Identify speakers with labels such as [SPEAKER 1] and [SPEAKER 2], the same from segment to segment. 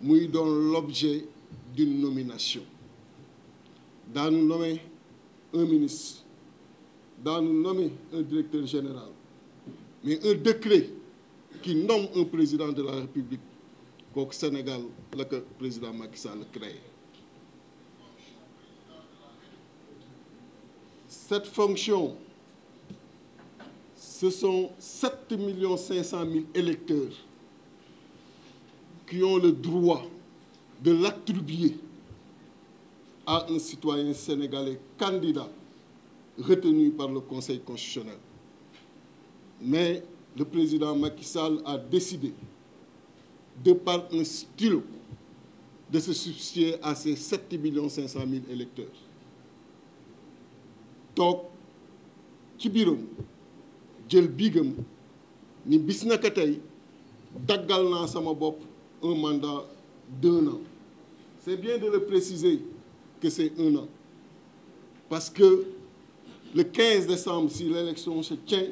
[SPEAKER 1] Nous donne l'objet d'une nomination nous nommer un ministre nous nommer un directeur général mais un décret qui nomme un président de la République le Sénégal le président Macky Sall crée. cette fonction ce sont 7 millions 500 000 électeurs qui ont le droit de l'attribuer à un citoyen sénégalais candidat retenu par le Conseil constitutionnel. Mais le président Macky Sall a décidé, de par un stylo, de se substituer à ses 7 500 000 électeurs. Donc, Kibirum, biiram ni un mandat d'un an. C'est bien de le préciser que c'est un an. Parce que le 15 décembre, si l'élection se tient,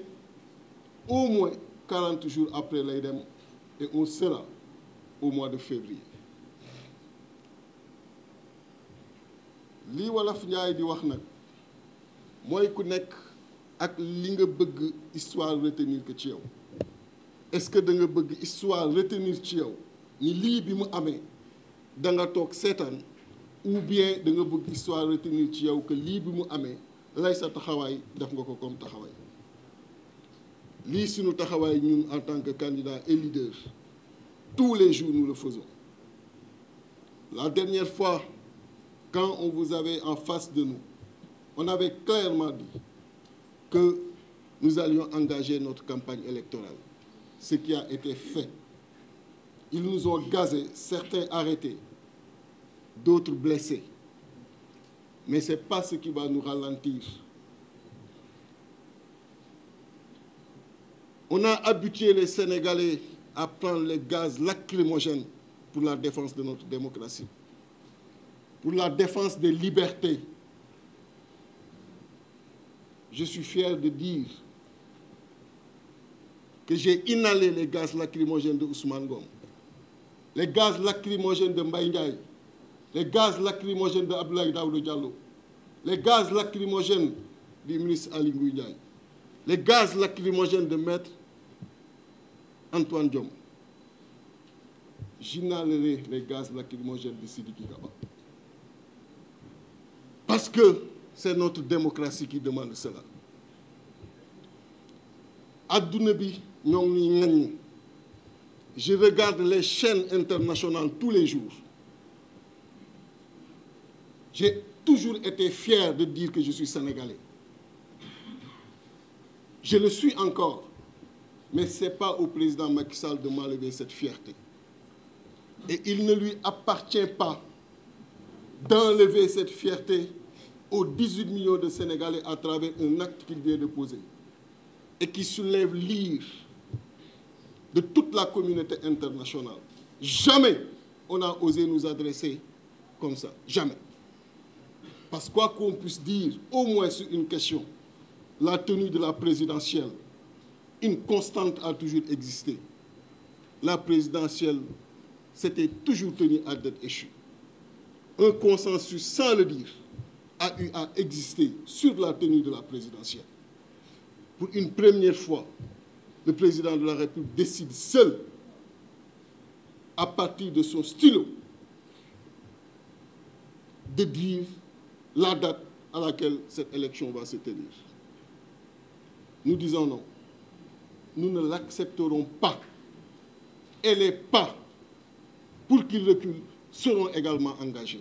[SPEAKER 1] au moins 40 jours après l'AIDEM, et on sera au mois de février. Ce que Njaay di wax je que ku nekk ak li nga retenir que ci yow est-ce que da nga bëgg histoire retenir ni lii bi mu amee da nga ou bien da nga bëgg histoire retenir ci yow que lii bi mu à lay sa def nga ko comme taxawaay lii suñu nous, en tant que candidat et leader tous les jours nous le faisons la dernière fois quand on vous avait en face de nous on avait clairement dit que nous allions engager notre campagne électorale ce qui a été fait ils nous ont gazés, certains arrêtés, d'autres blessés. Mais ce n'est pas ce qui va nous ralentir. On a habitué les Sénégalais à prendre le gaz lacrymogène pour la défense de notre démocratie, pour la défense des libertés. Je suis fier de dire que j'ai inhalé les gaz lacrymogènes de Ousmane Gom les gaz lacrymogènes de Mbaye les gaz lacrymogènes de Abdoulaye Daoudou Diallo les gaz lacrymogènes du ministre Ali les gaz lacrymogènes de maître Antoine Djom, j'inhalerai les gaz lacrymogènes de Sidi Kigaba. parce que c'est notre démocratie qui demande cela adduna nous je regarde les chaînes internationales tous les jours. J'ai toujours été fier de dire que je suis sénégalais. Je le suis encore. Mais ce n'est pas au président Macky Sall de m'enlever cette fierté. Et il ne lui appartient pas d'enlever cette fierté aux 18 millions de Sénégalais à travers un acte qu'il vient de poser et qui soulève l'ire de toute la communauté internationale. Jamais on a osé nous adresser comme ça. Jamais. Parce quoi qu'on puisse dire, au moins sur une question, la tenue de la présidentielle, une constante a toujours existé. La présidentielle s'était toujours tenue à d'être échue. Un consensus, sans le dire, a eu à exister sur la tenue de la présidentielle. Pour une première fois, le président de la République décide seul, à partir de son stylo, de dire la date à laquelle cette élection va se tenir. Nous disons non. Nous ne l'accepterons pas. Et les pas pour qu'il recule seront également engagés.